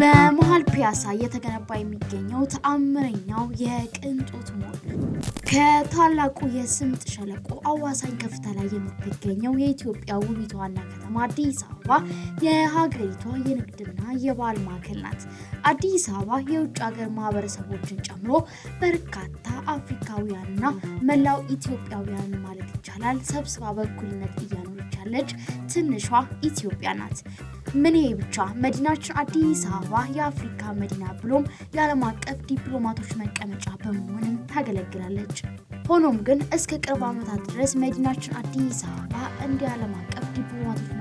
በመሀል ፒያሳ እየተገነባ የሚገኘው ተአምረኛው የቅንጦት ሞል ከታላቁ የስምጥ ሸለቆ አዋሳኝ ከፍታ ላይ የምትገኘው የኢትዮጵያ ውቢቷ ዋና ከተማ አዲስ አበባ የሀገሪቷ የንግድና የባህል ማዕከል ናት። አዲስ አበባ የውጭ ሀገር ማህበረሰቦችን ጨምሮ በርካታ አፍሪካውያንና መላው ኢትዮጵያውያን ማለት ይቻላል ሰብስባ በእኩልነት እያኖረች ያለች ትንሿ ኢትዮጵያ ናት። ምን ይሄ ብቻ መዲናችን አዲስ አበባ የአፍሪካ መዲና ብሎም የዓለም አቀፍ ዲፕሎማቶች መቀመጫ በመሆንም ታገለግላለች። ሆኖም ግን እስከ ቅርብ ዓመታት ድረስ መዲናችን አዲስ አበባ እንደ ዓለም አቀፍ ዲፕሎማቶች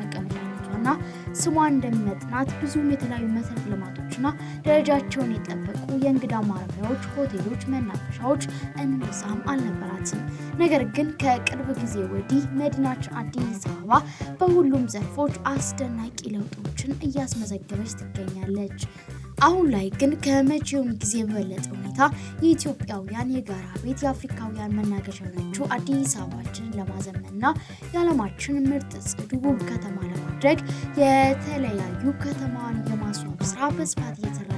እና ስሟ እንደሚመጥናት ብዙም የተለያዩ መሰረተ ልማቶችና ደረጃቸውን የጠበቁ የእንግዳ ማረፊያዎች፣ ሆቴሎች፣ መናፈሻዎች እንብዛም አልነበራትም። ነገር ግን ከቅርብ ጊዜ ወዲህ መዲናችን አዲስ አበባ በሁሉም ዘርፎች አስደናቂ ለውጦችን እያስመዘገበች ትገኛለች። አሁን ላይ ግን ከመቼውም ጊዜ በበለጠ ሁኔታ የኢትዮጵያውያን የጋራ ቤት የአፍሪካውያን መናገሻ የሆነችው አዲስ አበባችንን ለማዘመንና የዓለማችን ምርጥ ጽዱ ውብ ከተማ ለማድረግ የተለያዩ ከተማዋን የማስዋብ ስራ በስፋት እየተራ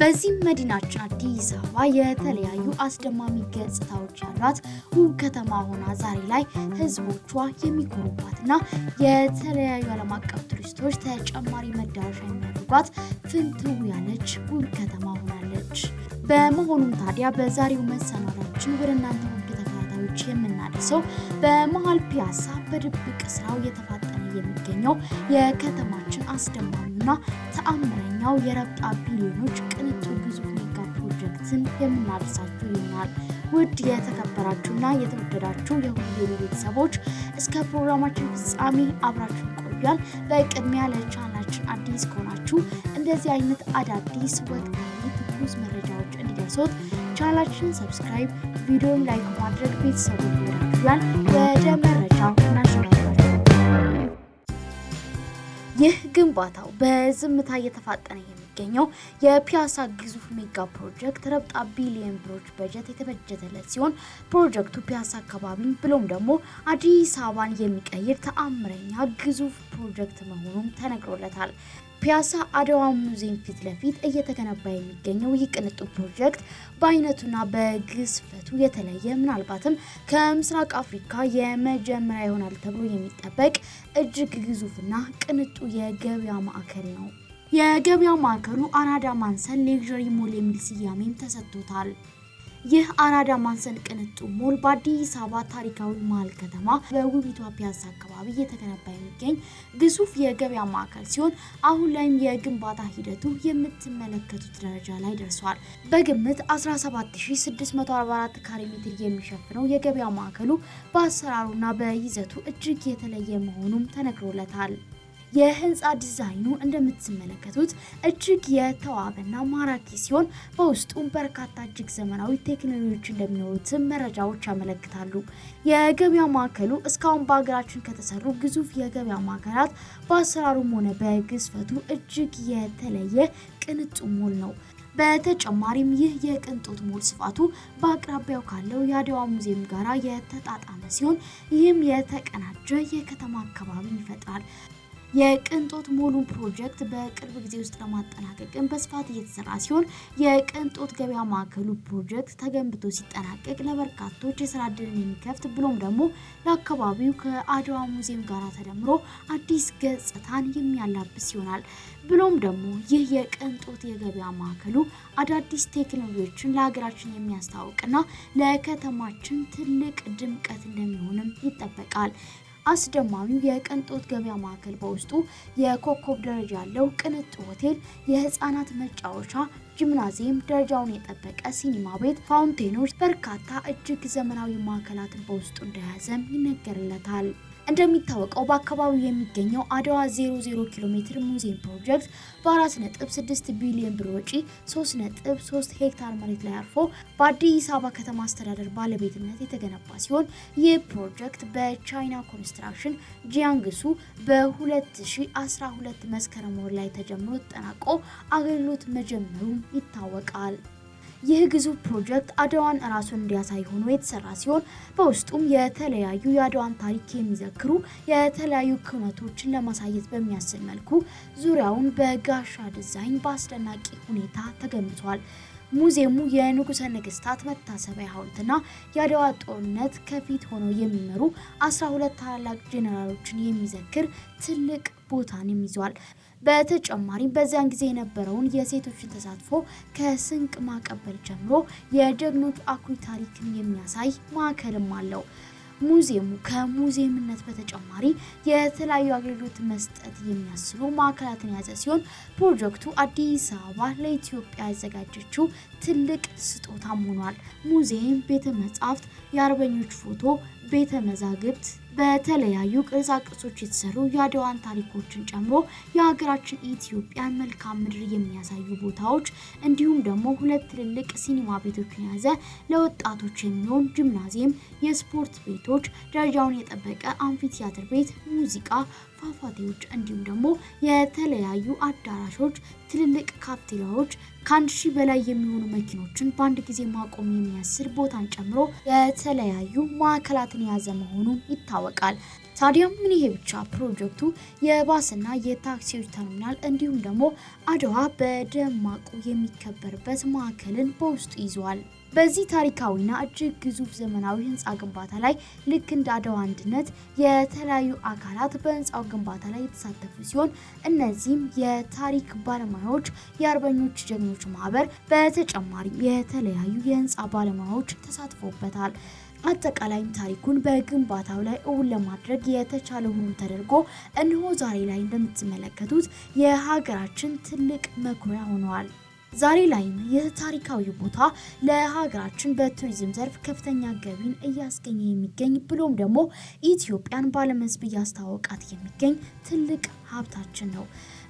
በዚህም መዲናችን አዲስ አበባ የተለያዩ አስደማሚ ገጽታዎች ያሏት ውብ ከተማ ሆና ዛሬ ላይ ህዝቦቿ የሚኮሩባትና የተለያዩ ዓለም አቀፍ ቱሪስቶች ተጨማሪ መዳረሻ የሚያደርጓት ፍንትው ያለች ውብ ከተማ ሆናለች። በመሆኑም ታዲያ በዛሬው መሰናዳችን ወደ እናንተ ውድ ተከታታዮች የምናደርሰው በመሀል ፒያሳ በድብቅ ስራው የተፋጠ የሚገኘው የከተማችን አስደማሚና ተአምረኛው የረብጣ ቢሊዮኖች ቅንጡ ግዙፍ ሜጋ ፕሮጀክትን የምናደርሳችሁ ይሆናል። ውድ የተከበራችሁና የተወደዳችሁ የሁሉ ቤተሰቦች እስከ ፕሮግራማችን ፍጻሜ አብራችሁ ቆያል። በቅድሚያ ለቻናችን አዲስ ከሆናችሁ እንደዚህ አይነት አዳዲስ ወቅታዊ ትኩስ መረጃዎች እንዲደርሶት ቻናላችን ሰብስክራይብ፣ ቪዲዮን ላይክ ማድረግ ቤተሰቡ ይረዳችኋል። ወደ መረጃው ይህ ግንባታው በዝምታ እየተፋጠነ የሚገኘው የፒያሳ ግዙፍ ሜጋ ፕሮጀክት ረብጣ ቢሊዮን ብሮች በጀት የተበጀተለት ሲሆን ፕሮጀክቱ ፒያሳ አካባቢን ብሎም ደግሞ አዲስ አበባን የሚቀይር ተአምረኛ ግዙፍ ፕሮጀክት መሆኑም ተነግሮለታል። ፒያሳ አድዋ ሙዚየም ፊት ለፊት እየተገነባ የሚገኘው ይህ ቅንጡ ፕሮጀክት በአይነቱና በግዝፈቱ የተለየ ምናልባትም ከምስራቅ አፍሪካ የመጀመሪያ ይሆናል ተብሎ የሚጠበቅ እጅግ ግዙፍና ቅንጡ የገበያ ማዕከል ነው። የገበያ ማዕከሉ አራዳ ማንሰን ሌክዠሪ ሞል የሚል ስያሜም ተሰጥቶታል። ይህ አራዳ ማንሰን ቅንጡ ሞል በአዲስ አበባ ታሪካዊ መሀል ከተማ በውቢቷ ፒያሳ አካባቢ እየተገነባ የሚገኝ ግዙፍ የገበያ ማዕከል ሲሆን አሁን ላይም የግንባታ ሂደቱ የምትመለከቱት ደረጃ ላይ ደርሷል። በግምት 17644 ካሬ ሜትር የሚሸፍነው የገበያ ማዕከሉ በአሰራሩና በይዘቱ እጅግ የተለየ መሆኑም ተነግሮለታል። የህንፃ ዲዛይኑ እንደምትመለከቱት እጅግ የተዋበና ማራኪ ሲሆን በውስጡ በርካታ እጅግ ዘመናዊ ቴክኖሎጂ እንደሚኖሩትም መረጃዎች ያመለክታሉ። የገበያ ማዕከሉ እስካሁን በሀገራችን ከተሰሩ ግዙፍ የገበያ ማዕከላት በአሰራሩም ሆነ በግዝፈቱ እጅግ የተለየ ቅንጡ ሞል ነው። በተጨማሪም ይህ የቅንጦት ሞል ስፋቱ በአቅራቢያው ካለው የአድዋ ሙዚየም ጋራ የተጣጣመ ሲሆን ይህም የተቀናጀ የከተማ አካባቢ ይፈጥራል። የቅንጦት ሞሉ ፕሮጀክት በቅርብ ጊዜ ውስጥ ለማጠናቀቅን በስፋት እየተሰራ ሲሆን የቅንጦት ገበያ ማዕከሉ ፕሮጀክት ተገንብቶ ሲጠናቀቅ ለበርካቶች የስራ እድልን የሚከፍት ብሎም ደግሞ ለአካባቢው ከአድዋ ሙዚየም ጋር ተደምሮ አዲስ ገጽታን የሚያላብስ ይሆናል። ብሎም ደግሞ ይህ የቅንጦት የገበያ ማዕከሉ አዳዲስ ቴክኖሎጂዎችን ለሀገራችን የሚያስተዋውቅና ለከተማችን ትልቅ ድምቀት እንደሚሆንም ይጠበቃል። አስደማሚው የቅንጦት ገበያ ማዕከል በውስጡ የኮከብ ደረጃ ያለው ቅንጡ ሆቴል፣ የህፃናት መጫወቻ ጂምናዚየም፣ ደረጃውን የጠበቀ ሲኒማ ቤት፣ ፋውንቴኖች፣ በርካታ እጅግ ዘመናዊ ማዕከላትን በውስጡ እንደያዘም ይነገርለታል። እንደሚታወቀው በአካባቢው የሚገኘው አድዋ 00 ኪሎ ሜትር ሙዚየም ፕሮጀክት በ4.6 ቢሊዮን ብር ወጪ 3.3 ሄክታር መሬት ላይ አርፎ በአዲስ አበባ ከተማ አስተዳደር ባለቤትነት የተገነባ ሲሆን ይህ ፕሮጀክት በቻይና ኮንስትራክሽን ጂያንግሱ በ2012 መስከረም ወር ላይ ተጀምሮ ተጠናቆ አገልግሎት መጀመሩም ይታወቃል። ይህ ግዙፍ ፕሮጀክት አድዋን ራሱን እንዲያሳይ ሆኖ የተሰራ ሲሆን በውስጡም የተለያዩ የአድዋን ታሪክ የሚዘክሩ የተለያዩ ክመቶችን ለማሳየት በሚያስችል መልኩ ዙሪያውን በጋሻ ዲዛይን በአስደናቂ ሁኔታ ተገንብቷል። ሙዚየሙ የንጉሠ ነገስታት መታሰቢያ ሐውልትና የአድዋ ጦርነት ከፊት ሆነው የሚመሩ 12 ታላላቅ ጄኔራሎችን የሚዘክር ትልቅ ቦታን ይዟል። በተጨማሪም በዚያን ጊዜ የነበረውን የሴቶችን ተሳትፎ ከስንቅ ማቀበል ጀምሮ የጀግኖች አኩሪ ታሪክን የሚያሳይ ማዕከልም አለው። ሙዚየሙ ከሙዚየምነት በተጨማሪ የተለያዩ አገልግሎት መስጠት የሚያስችሉ ማዕከላትን የያዘ ሲሆን ፕሮጀክቱ አዲስ አበባ ለኢትዮጵያ ያዘጋጀችው ትልቅ ስጦታም ሆኗል። ሙዚየም፣ ቤተ መጻሕፍት፣ የአርበኞች ፎቶ ቤተ መዛግብት በተለያዩ ቅርጻ ቅርጾች የተሰሩ የአድዋን ታሪኮችን ጨምሮ የሀገራችን ኢትዮጵያን መልካም ምድር የሚያሳዩ ቦታዎች እንዲሁም ደግሞ ሁለት ትልልቅ ሲኒማ ቤቶችን የያዘ ለወጣቶች የሚሆን ጂምናዚየም፣ የስፖርት ቤቶች፣ ደረጃውን የጠበቀ አምፊቲያትር ቤት፣ ሙዚቃ ፏፏቴዎች እንዲሁም ደግሞ የተለያዩ አዳራሾች፣ ትልልቅ ካፍቴሪያዎች ከአንድ ሺህ በላይ የሚሆኑ መኪኖችን በአንድ ጊዜ ማቆም የሚያስችል ቦታን ጨምሮ የተለያዩ ማዕከላትን የያዘ መሆኑ ይታወቃል። ታዲያም ምን ይሄ ብቻ ፕሮጀክቱ የባስና የታክሲዎች ተርሚናል እንዲሁም ደግሞ አድዋ በደማቁ የሚከበርበት ማዕከልን በውስጡ ይዟል። በዚህ ታሪካዊና እጅግ ግዙፍ ዘመናዊ ህንፃ ግንባታ ላይ ልክ እንደ አድዋ አንድነት የተለያዩ አካላት በህንፃው ግንባታ ላይ የተሳተፉ ሲሆን እነዚህም የታሪክ ባለሙያዎች፣ የአርበኞች ጀግኖች ማህበር፣ በተጨማሪም የተለያዩ የህንፃ ባለሙያዎች ተሳትፎበታል። አጠቃላይም ታሪኩን በግንባታው ላይ እውን ለማድረግ የተቻለ ሁሉ ተደርጎ እነሆ ዛሬ ላይ እንደምትመለከቱት የሀገራችን ትልቅ መኩሪያ ሆነዋል። ዛሬ ላይም ይህ ታሪካዊ ቦታ ለሀገራችን በቱሪዝም ዘርፍ ከፍተኛ ገቢን እያስገኘ የሚገኝ ብሎም ደግሞ ኢትዮጵያን በዓለም ሕዝብ እያስተዋወቃት የሚገኝ ትልቅ ሀብታችን ነው።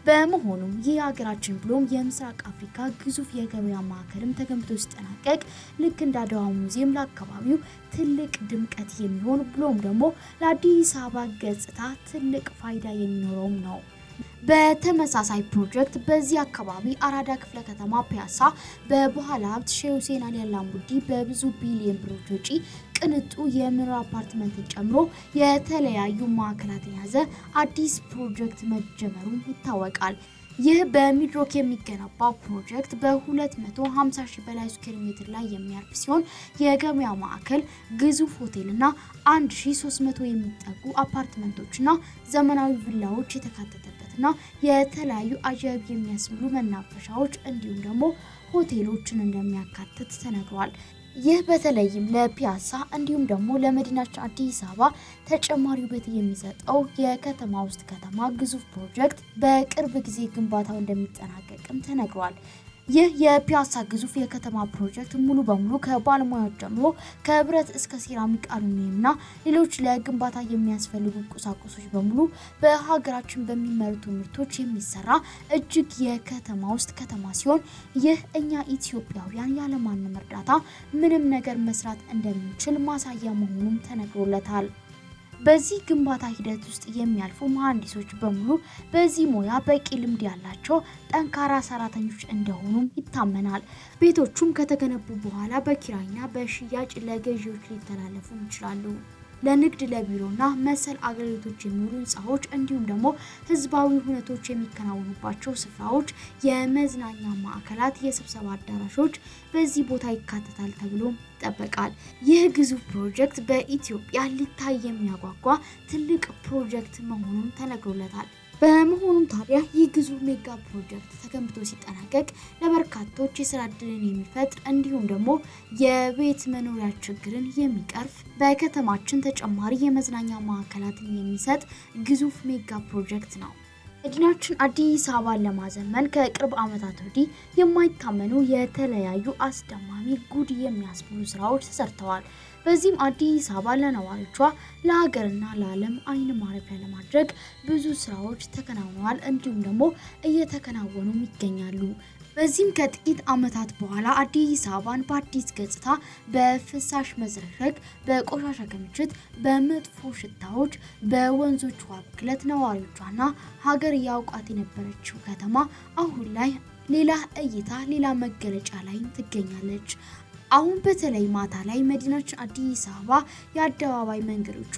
በመሆኑም ይህ ሀገራችን ብሎም የምስራቅ አፍሪካ ግዙፍ የገበያ ማዕከልም ተገንብቶ ሲጠናቀቅ ልክ እንደ አድዋ ሙዚየም ለአካባቢው ትልቅ ድምቀት የሚሆን ብሎም ደግሞ ለአዲስ አበባ ገጽታ ትልቅ ፋይዳ የሚኖረውም ነው። በተመሳሳይ ፕሮጀክት በዚህ አካባቢ አራዳ ክፍለ ከተማ ፒያሳ በበኋላ ሀብት ሼህ ሁሴን አሊ አላሙዲ በብዙ ቢሊየን ብሮች ወጪ ቅንጡ የመኖሪያ አፓርትመንትን ጨምሮ የተለያዩ ማዕከላትን የያዘ አዲስ ፕሮጀክት መጀመሩን ይታወቃል። ይህ በሚድሮክ የሚገነባው ፕሮጀክት በ250 ሺህ በላይ ስኩዌር ሜትር ላይ የሚያርፍ ሲሆን የገበያ ማዕከል፣ ግዙፍ ሆቴልና 1300 የሚጠጉ አፓርትመንቶችና ዘመናዊ ቪላዎች የተካተተበትና የተለያዩ አጃቢ የሚያስብሉ መናፈሻዎች እንዲሁም ደግሞ ሆቴሎችን እንደሚያካትት ተነግሯል። ይህ በተለይም ለፒያሳ እንዲሁም ደግሞ ለመዲናችን አዲስ አበባ ተጨማሪ ውበት የሚሰጠው የከተማ ውስጥ ከተማ ግዙፍ ፕሮጀክት በቅርብ ጊዜ ግንባታው እንደሚጠናቀቅም ተነግሯል። ይህ የፒያሳ ግዙፍ የከተማ ፕሮጀክት ሙሉ በሙሉ ከባለሙያዎች ጀምሮ ከብረት እስከ ሴራሚክ፣ እና ሌሎች ለግንባታ የሚያስፈልጉ ቁሳቁሶች በሙሉ በሀገራችን በሚመረቱ ምርቶች የሚሰራ እጅግ የከተማ ውስጥ ከተማ ሲሆን ይህ እኛ ኢትዮጵያውያን ያለማንም እርዳታ ምንም ነገር መስራት እንደምንችል ማሳያ መሆኑም ተነግሮለታል። በዚህ ግንባታ ሂደት ውስጥ የሚያልፉ መሐንዲሶች በሙሉ በዚህ ሙያ በቂ ልምድ ያላቸው ጠንካራ ሰራተኞች እንደሆኑም ይታመናል። ቤቶቹም ከተገነቡ በኋላ በኪራይና በሽያጭ ለገዢዎች ሊተላለፉ ይችላሉ። ለንግድ ለቢሮና መሰል አገልግሎቶች የሚውሉ ህንፃዎች እንዲሁም ደግሞ ህዝባዊ ሁነቶች የሚከናወኑባቸው ስፍራዎች፣ የመዝናኛ ማዕከላት፣ የስብሰባ አዳራሾች በዚህ ቦታ ይካተታል ተብሎ ይጠበቃል። ይህ ግዙፍ ፕሮጀክት በኢትዮጵያ ሊታይ የሚያጓጓ ትልቅ ፕሮጀክት መሆኑን ተነግሮለታል። በመሆኑም ታዲያ ይህ ግዙፍ ሜጋ ፕሮጀክት ተገንብቶ ሲጠናቀቅ ለበርካቶች የስራ እድልን የሚፈጥር እንዲሁም ደግሞ የቤት መኖሪያ ችግርን የሚቀርፍ በከተማችን ተጨማሪ የመዝናኛ ማዕከላትን የሚሰጥ ግዙፍ ሜጋ ፕሮጀክት ነው። መዲናችን አዲስ አበባን ለማዘመን ከቅርብ ዓመታት ወዲህ የማይታመኑ የተለያዩ አስደማሚ ጉድ የሚያስብሉ ስራዎች ተሰርተዋል። በዚህም አዲስ አበባ ለነዋሪዎቿ ለሀገርና ለዓለም አይን ማረፊያ ለማድረግ ብዙ ስራዎች ተከናውነዋል፣ እንዲሁም ደግሞ እየተከናወኑም ይገኛሉ። በዚህም ከጥቂት ዓመታት በኋላ አዲስ አበባን በአዲስ ገጽታ በፍሳሽ መዝረክረክ፣ በቆሻሻ ክምችት፣ በመጥፎ ሽታዎች፣ በወንዞች ውሃ ብክለት ነዋሪዎቿና ሀገር ያውቋት የነበረችው ከተማ አሁን ላይ ሌላ እይታ ሌላ መገለጫ ላይ ትገኛለች። አሁን በተለይ ማታ ላይ መዲናችን አዲስ አበባ የአደባባይ መንገዶቿ፣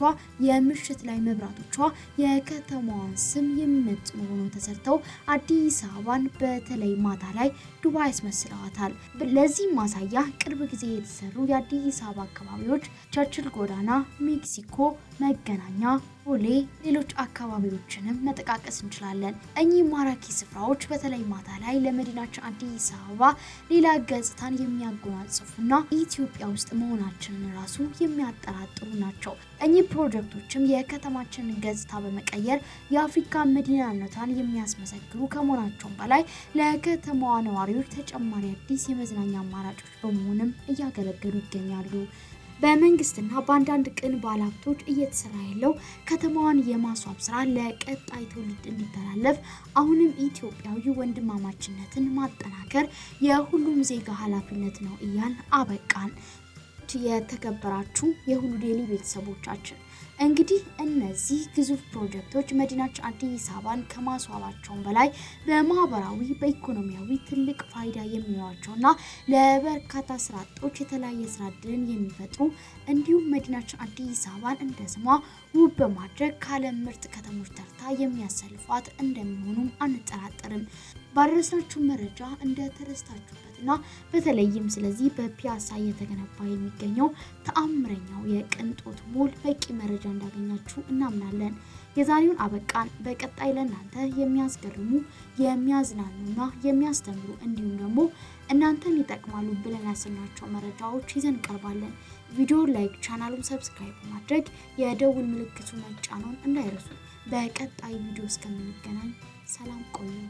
የምሽት ላይ መብራቶቿ የከተማዋን ስም የሚመጥኑ ሆኖ ተሰርተው አዲስ አበባን በተለይ ማታ ላይ ዱባይ ያስመስለዋታል። ለዚህም ማሳያ ቅርብ ጊዜ የተሰሩ የአዲስ አበባ አካባቢዎች ቸርችል ጎዳና፣ ሜክሲኮ መገናኛ ቦሌ፣ ሌሎች አካባቢዎችንም መጠቃቀስ እንችላለን። እኚህ ማራኪ ስፍራዎች በተለይ ማታ ላይ ለመዲናችን አዲስ አበባ ሌላ ገጽታን የሚያጎናጽፉና ኢትዮጵያ ውስጥ መሆናችንን ራሱ የሚያጠራጥሩ ናቸው። እኚህ ፕሮጀክቶችም የከተማችንን ገጽታ በመቀየር የአፍሪካ መዲናነቷን የሚያስመሰግሩ ከመሆናቸውም በላይ ለከተማዋ ነዋሪዎች ተጨማሪ አዲስ የመዝናኛ አማራጮች በመሆንም እያገለገሉ ይገኛሉ። በመንግስትና በአንዳንድ ቅን ባለሀብቶች እየተሰራ ያለው ከተማዋን የማስዋብ ስራ ለቀጣይ ትውልድ እንዲተላለፍ አሁንም ኢትዮጵያዊ ወንድማማችነትን ማጠናከር የሁሉም ዜጋ ኃላፊነት ነው እያል አበቃን። የተከበራችሁ የሁሉ ዴይሊ ቤተሰቦቻችን እንግዲህ እነዚህ ግዙፍ ፕሮጀክቶች መዲናችን አዲስ አበባን ከማስዋባቸውን በላይ በማህበራዊ በኢኮኖሚያዊ ትልቅ ፋይዳ የሚኖራቸውና ለበርካታ ስራ አጦች የተለያየ ስራ እድልን የሚፈጥሩ እንዲሁም መዲናችን አዲስ አበባን እንደ ስሟ ውብ በማድረግ ከዓለም ምርጥ ከተሞች ተርታ የሚያሰልፏት እንደሚሆኑም አንጠራጠርም። ባደረስናችሁ መረጃ እንደ እና በተለይም ስለዚህ በፒያሳ እየተገነባ የሚገኘው ተአምረኛው የቅንጦት ሞል በቂ መረጃ እንዳገኛችሁ እናምናለን። የዛሬውን አበቃን። በቀጣይ ለእናንተ የሚያስገርሙ የሚያዝናኑና የሚያስተምሩ እንዲሁም ደግሞ እናንተን ይጠቅማሉ ብለን ያስናቸው መረጃዎች ይዘን ቀርባለን። ቪዲዮ ላይክ፣ ቻናሉን ሰብስክራይብ በማድረግ የደውል ምልክቱ መጫኖን እንዳይረሱ። በቀጣይ ቪዲዮ እስከምንገናኝ ሰላም ቆዩ።